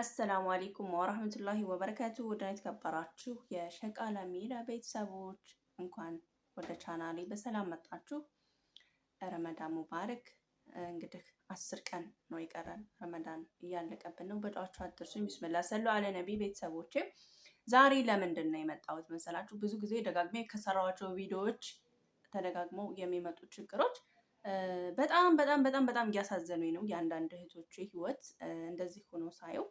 አሰላሙ አሌይኩም ወረህመቱላሂ ወበረካቱ። ወደና የተከበራችሁ የሸቃላ ሚዲያ ቤተሰቦች እንኳን ወደ ቻናሌ በሰላም መጣችሁ። ረመዳን ሙባረክ። እንግዲህ አስር ቀን ነው የቀረን ረመዳን እያለቀብን ነው። በጧችሁ አትርሱኝ። ቢስሚላ ሰሉ አለ ነቢ። ቤተሰቦቼ ዛሬ ለምንድን ነው የመጣሁት መሰላችሁ? ብዙ ጊዜ ደጋግሜ ከሰራኋቸው ቪዲዮዎች ተደጋግመው የሚመጡ ችግሮች በጣም በጣም በጣም በጣም እያሳዘኑኝ ነው የአንዳንድ እህቶች ህይወት እንደዚህ ሆኖ ሳየው።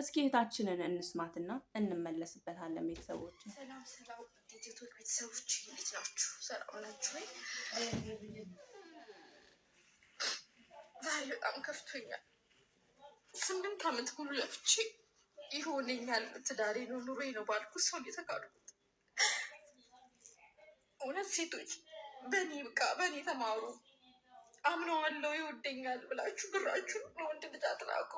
እስኪ እህታችንን እንስማትና እንመለስበታለን። ቤተሰቦች ሰላም ሰላም፣ ቴቶች ቤተሰቦች እንዴት ናችሁ? ሰላም ናችሁ ወይ? ዛሬ በጣም ከፍቶኛል። ስምንት ዓመት ሙሉ ለፍቼ ይሆነኛል ትዳሬ ነው ኑሮ ነው ባልኩ ሰው የተካድኩት እውነት ሴቶች በእኔ በቃ በእኔ ተማሩ አምኖ ወለው ይወደኛል ብላችሁ ብራችሁ ለወንድ ልጅ አትላኩ።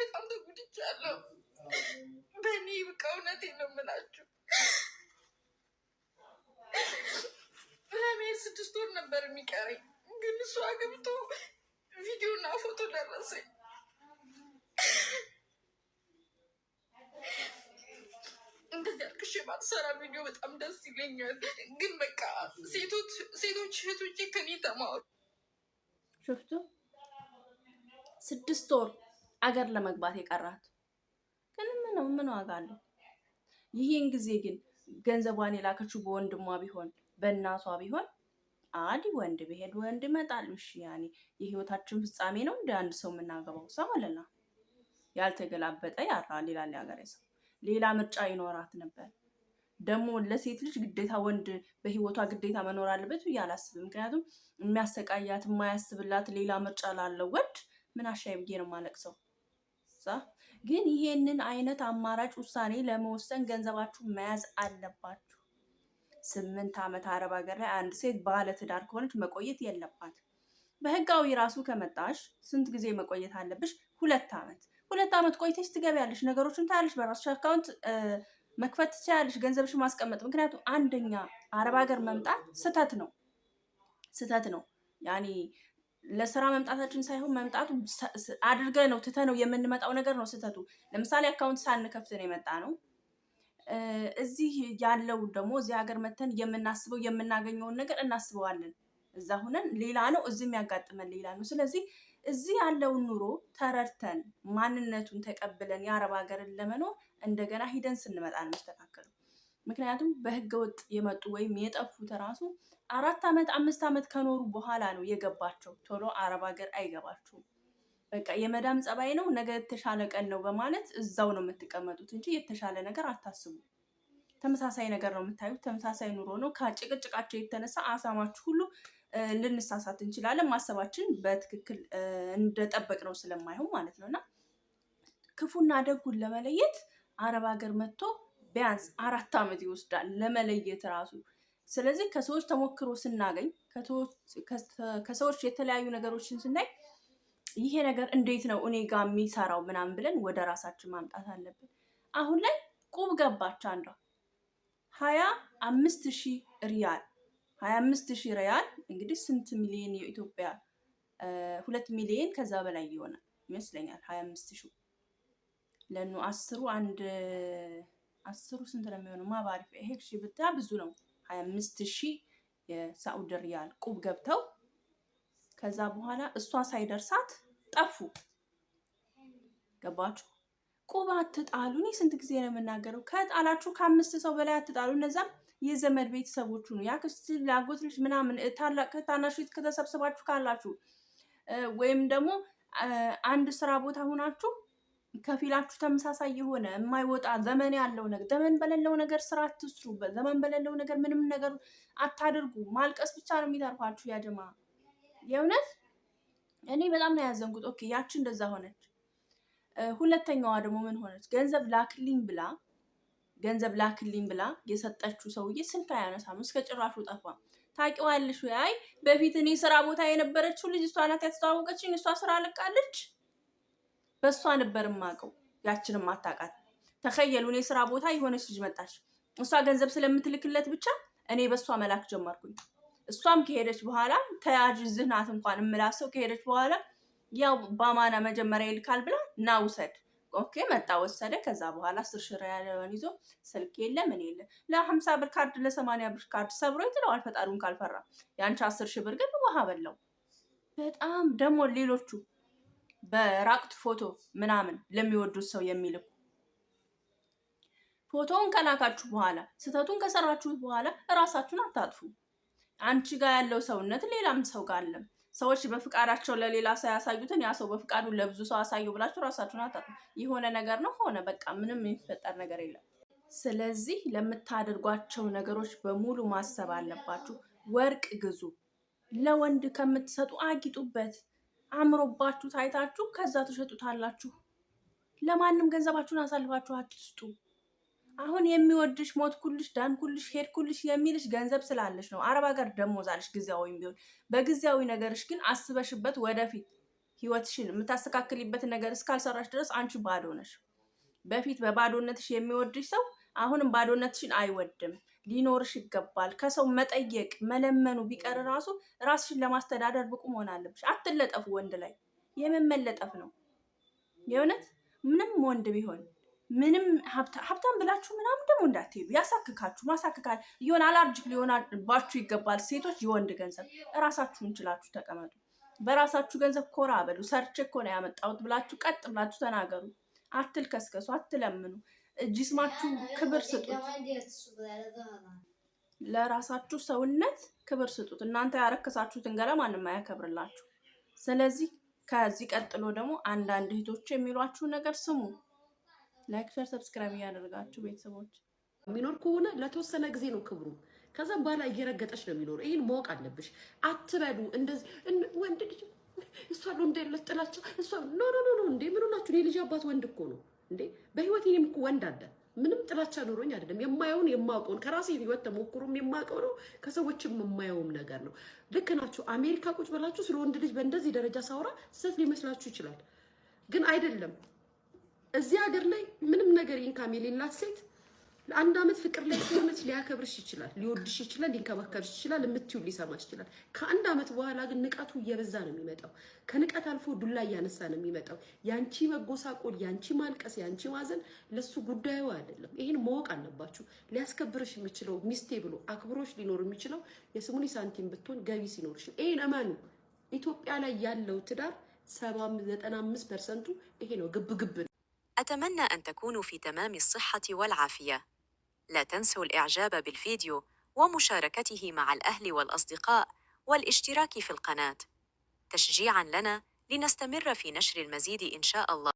በጣም ተጉድቻለሁ በእኔ ሰራ ቪዲዮ በጣም ደስ ይለኛል። ግን በቃ ሴቶች እህቶቼ ከኔ ተማሩ። ሽፍቱ ስድስት ወር አገር ለመግባት የቀራት ግን ምነው ምን ዋጋ አለው? ይህን ጊዜ ግን ገንዘቧን የላከችው በወንድሟ ቢሆን በእናቷ ቢሆን አዲ ወንድ ብሄድ ወንድ ይመጣል። እሺ ያኔ የህይወታችን ፍጻሜ ነው እንደ አንድ ሰው የምናገባው ሰው አለና ያልተገላበጠ ያራ ሌላ ሀገር ሰው ሌላ ምርጫ ይኖራት ነበር። ደግሞ ለሴት ልጅ ግዴታ ወንድ በህይወቷ ግዴታ መኖር አለበት ብዬ አላስብም። ምክንያቱም የሚያሰቃያት የማያስብላት ሌላ ምርጫ ላለው ወንድ ምን አሻይ ብዬ ነው የማለቅሰው። ግን ይሄንን አይነት አማራጭ ውሳኔ ለመወሰን ገንዘባችሁ መያዝ አለባችሁ። ስምንት ዓመት አረብ ሀገር ላይ አንድ ሴት ባለ ትዳር ከሆነች መቆየት የለባት። በህጋዊ ራሱ ከመጣሽ ስንት ጊዜ መቆየት አለብሽ? ሁለት ዓመት። ሁለት ዓመት ቆይተሽ ትገቢያለሽ፣ ነገሮችን ታያለሽ፣ በራስሽ አካውንት መክፈት ገንዘብ ገንዘብሽ ማስቀመጥ። ምክንያቱም አንደኛ አረብ ሀገር መምጣት ስህተት ነው፣ ስህተት ነው። ያኔ ለስራ መምጣታችን ሳይሆን መምጣቱ አድርገ ነው ትተ ነው የምንመጣው ነገር ነው ስህተቱ። ለምሳሌ አካውንት ሳንከፍት ነው የመጣ ነው። እዚህ ያለው ደግሞ እዚህ ሀገር መተን የምናስበው የምናገኘውን ነገር እናስበዋለን። እዛ ሁነን ሌላ ነው፣ እዚህ የሚያጋጥመን ሌላ ነው። ስለዚህ እዚህ ያለውን ኑሮ ተረድተን ማንነቱን ተቀብለን የአረብ ሀገርን ለመኖር እንደገና ሂደን ስንመጣ ነው ምክንያቱም በህገ ወጥ የመጡ ወይም የጠፉት ራሱ አራት ዓመት አምስት ዓመት ከኖሩ በኋላ ነው የገባቸው። ቶሎ አረብ ሀገር አይገባችሁም። በቃ የመዳም ጸባይ ነው፣ ነገ የተሻለ ቀን ነው በማለት እዛው ነው የምትቀመጡት እንጂ የተሻለ ነገር አታስቡ። ተመሳሳይ ነገር ነው የምታዩት። ተመሳሳይ ኑሮ ነው። ከጭቅጭቃቸው የተነሳ አሳማችሁ ሁሉ ልንሳሳት እንችላለን። ማሰባችን በትክክል እንደጠበቅ ነው ስለማይሆን ማለት ነው እና ክፉና ደጉን ለመለየት አረብ ሀገር መጥቶ ቢያንስ አራት ዓመት ይወስዳል ለመለየት ራሱ። ስለዚህ ከሰዎች ተሞክሮ ስናገኝ ከሰዎች የተለያዩ ነገሮችን ስናይ ይሄ ነገር እንዴት ነው እኔ ጋር የሚሰራው ምናምን ብለን ወደ ራሳችን ማምጣት አለብን። አሁን ላይ ቁብ ገባች አንዷ ሀያ አምስት ሺህ ሪያል ሀያ አምስት ሺህ ሪያል እንግዲህ ስንት ሚሊዮን የኢትዮጵያ ሁለት ሚሊዮን ከዛ በላይ ይሆናል ይመስለኛል። ሀያ አምስት ሺህ ለኑ አስሩ አንድ አስሩ ስንት ነው የሚሆነው? ማባሪፍ ይሄ ሺ ብታ ብዙ ነው። ሀያ አምስት ሺህ የሳዑዲ ሪያል ቁብ ገብተው ከዛ በኋላ እሷ ሳይደርሳት ጠፉ። ገባችሁ? ቁብ አትጣሉ። እኔ ስንት ጊዜ ነው የምናገረው? ከጣላችሁ ከአምስት ሰው በላይ አትጣሉ። እነዛም የዘመድ ቤተሰቦቹ ነው ያክስት ላጎት ልጅ ምናምን ታላቅ ከታናሽት ከተሰብሰባችሁ ካላችሁ ወይም ደግሞ አንድ ስራ ቦታ ሆናችሁ ከፊላችሁ ተመሳሳይ የሆነ የማይወጣ ዘመን ያለው ነገር ዘመን በሌለው ነገር ስራ አትስሩ። ዘመን በሌለው ነገር ምንም ነገር አታድርጉ። ማልቀስ ብቻ ነው የሚተርፋችሁ። ያጀማ የእውነት እኔ በጣም ነው ያዘንኩት። ኦኬ እንደዛ ሆነች። ሁለተኛዋ ደግሞ ምን ሆነች? ገንዘብ ላክልኝ ብላ ገንዘብ ላክልኝ ብላ የሰጠችው ሰውዬ ስልክ አያነሳም። እስከ ጭራሹ ጠፋ። ታውቂዋለሽ? አይ በፊት እኔ ስራ ቦታ የነበረችው ልጅ እሷ ናት ያስተዋወቀችኝ። እሷ ስራ ለቃለች። በእሷ ነበር ማቀው። ያችንም አታውቃት። ተከየሉ እኔ ስራ ቦታ የሆነች ልጅ መጣች። እሷ ገንዘብ ስለምትልክለት ብቻ እኔ በእሷ መላክ ጀመርኩኝ። እሷም ከሄደች በኋላ ተያጅ ዝህናት እንኳን የምላሰው ከሄደች በኋላ ያው በአማና መጀመሪያ ይልካል ብላ ና ኦኬ መጣ ወሰደ። ከዛ በኋላ አስር ሽር ያለውን ይዞ ስልክ የለ ምን የለ ለሀምሳ ብር ካርድ ለሰማንያ ብር ካርድ ሰብሮ ይጥለዋል። ፈጣሪውን ካልፈራ የአንቺ አስር ሺህ ብር ግን ውሃ በላው። በጣም ደግሞ ሌሎቹ በራቅት ፎቶ ምናምን ለሚወዱት ሰው የሚልኩ ፎቶውን ከላካችሁ በኋላ ስህተቱን ከሰራችሁት በኋላ እራሳችሁን አታጥፉ። አንቺ ጋር ያለው ሰውነት ሌላም ሰው ጋር አለም። ሰዎች በፍቃዳቸው ለሌላ ሰው ያሳዩትን ያ ሰው በፍቃዱ ለብዙ ሰው አሳዩ ብላችሁ ራሳችሁን አታ የሆነ ነገር ነው ሆነ በቃ ምንም የሚፈጠር ነገር የለም። ስለዚህ ለምታደርጓቸው ነገሮች በሙሉ ማሰብ አለባችሁ። ወርቅ ግዙ፣ ለወንድ ከምትሰጡ አጊጡበት፣ አምሮባችሁ ታይታችሁ ከዛ ትሸጡታላችሁ። ለማንም ገንዘባችሁን አሳልፋችሁ አትስጡ። አሁን የሚወድሽ ሞትኩልሽ፣ ዳንኩልሽ፣ ሄድኩልሽ የሚልሽ ገንዘብ ስላለሽ ነው። አረብ ሀገር ደሞዝ አለሽ ጊዜያዊ ቢሆን በጊዜያዊ ነገርሽ ግን አስበሽበት ወደፊት ህይወትሽን የምታስተካክልበት ነገር እስካልሰራሽ ድረስ አንቺ ባዶ ነሽ። በፊት በባዶነትሽ የሚወድሽ ሰው አሁንም ባዶነትሽን አይወድም። ሊኖርሽ ይገባል። ከሰው መጠየቅ መለመኑ ቢቀር ራሱ ራስሽን ለማስተዳደር ብቁ መሆን አለብሽ። አትለጠፉ ወንድ ላይ የመመለጠፍ ነው የእውነት ምንም ወንድ ቢሆን ምንም ሀብታም ብላችሁ ምናምን ደግሞ እንዳትሄዱ፣ ያሳክካችሁ ማሳክካል የሆነ አላርጅክ ሊሆንባችሁ ይገባል። ሴቶች የወንድ ገንዘብ እራሳችሁን ችላችሁ ተቀመጡ። በራሳችሁ ገንዘብ ኮራ በሉ። ሰርቼ እኮ ነው ያመጣሁት ብላችሁ ቀጥ ብላችሁ ተናገሩ። አትልከስከሱ፣ አትለምኑ። ጅስማችሁ ክብር ስጡት። ለራሳችሁ ሰውነት ክብር ስጡት። እናንተ ያረከሳችሁትን ገላ ማንም አያከብርላችሁ። ስለዚህ ከዚህ ቀጥሎ ደግሞ አንዳንድ እህቶች የሚሏችሁ ነገር ስሙ። ላይክ፣ ሸር፣ ሰብስክራይብ እያደረጋችሁ ቤተሰቦች የሚኖር ከሆነ ለተወሰነ ጊዜ ነው ክብሩ። ከዛ በኋላ እየረገጠች ነው የሚኖር። ይህን ማወቅ አለብሽ። አትበሉ እንደዚህ ወንድ ልጅ እሷ ነው እንደ ለጥላቸው እሷ ኖ ኖ ኖ እንዴ ምን ሆናችሁ? የልጅ አባት ወንድ እኮ ነው እንዴ። በህይወት ይህም እኮ ወንድ አለ። ምንም ጥላቻ ኖሮኝ አይደለም። የማየውን የማውቀውን ከራሴ ህይወት ተሞክሮም የማውቀው ነው፣ ከሰዎችም የማየውም ነገር ነው። ልክ ናችሁ። አሜሪካ ቁጭ ብላችሁ ስለ ወንድ ልጅ በእንደዚህ ደረጃ ሳውራ ስህተት ሊመስላችሁ ይችላል፣ ግን አይደለም። እዚህ ሀገር ላይ ምንም ነገር ኢንካም የሌላት ሴት ለአንድ ዓመት ፍቅር ላይ ሲሆነች ሊያከብርሽ ይችላል፣ ሊወድሽ ይችላል፣ ሊንከባከብሽ ይችላል፣ የምትዩ ሊሰማሽ ይችላል። ከአንድ ዓመት በኋላ ግን ንቀቱ እየበዛ ነው የሚመጣው። ከንቀት አልፎ ዱላ እያነሳ ነው የሚመጣው። ያንቺ መጎሳቆል፣ ያንቺ ማልቀስ፣ ያንቺ ማዘን ለሱ ጉዳዩ አይደለም። ይህን ማወቅ አለባችሁ። ሊያስከብርሽ የሚችለው ሚስቴ ብሎ አክብሮሽ ሊኖር የሚችለው የስሙኒ ሳንቲም ብትሆን ገቢ ሲኖርሽ ነው። ይህን እመኑ። ኢትዮጵያ ላይ ያለው ትዳር ሰባ ዘጠና አምስት ፐርሰንቱ ይሄ ነው ግብግብ ነው። أتمنى أن تكونوا في تمام الصحة والعافية. لا تنسوا الإعجاب بالفيديو ومشاركته مع الأهل والأصدقاء والاشتراك في القناة تشجيعا لنا لنستمر في نشر المزيد إن شاء الله